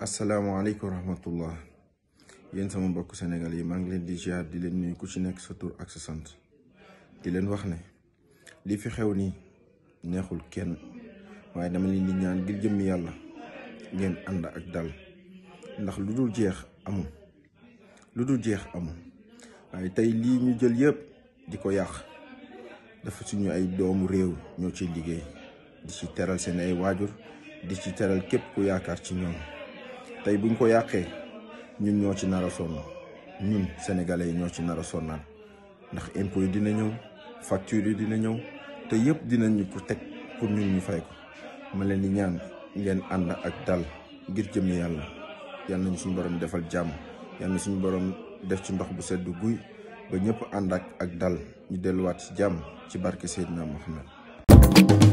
asalaamaaleykum wa rahmatullah yéen sama mbokk senegal yi maa ngi leen di ziar di leen nuyu ku ci nekk sa tur ak sa sant di leen wax ne li fi xew nii neexul kenn waaye dama leen di ñaan ngir jëmmi yàlla ngeen ànd ak dal ndax lu dul jeex amul lu dul jeex amul waaye tey lii ñu jël yépp di ko yàq dafa suñu ay doomu réew ñoo ci liggéey di ci teral seen ay waajur di ci teral képp ku yaakaar ci ñoom. tey buñ ko yàqee ñun ñoo ci nar a sonn ñun sénégalais yi ñoo ci nar a sonnaan ndax impôts dina ñëw factures yi dina ñëw te yëpp ñu ko teg pour ñun ñu fay ko ma leen di ñaan ngeen ànd ak dal ngir jëm yàlla yal nañu suñu borom defal jàmm yal suñu borom def ci ndox bu sedd guy ba ñëpp ànd ak ak dal ñu delluwaat ci jàmm ci barke na Mohamed.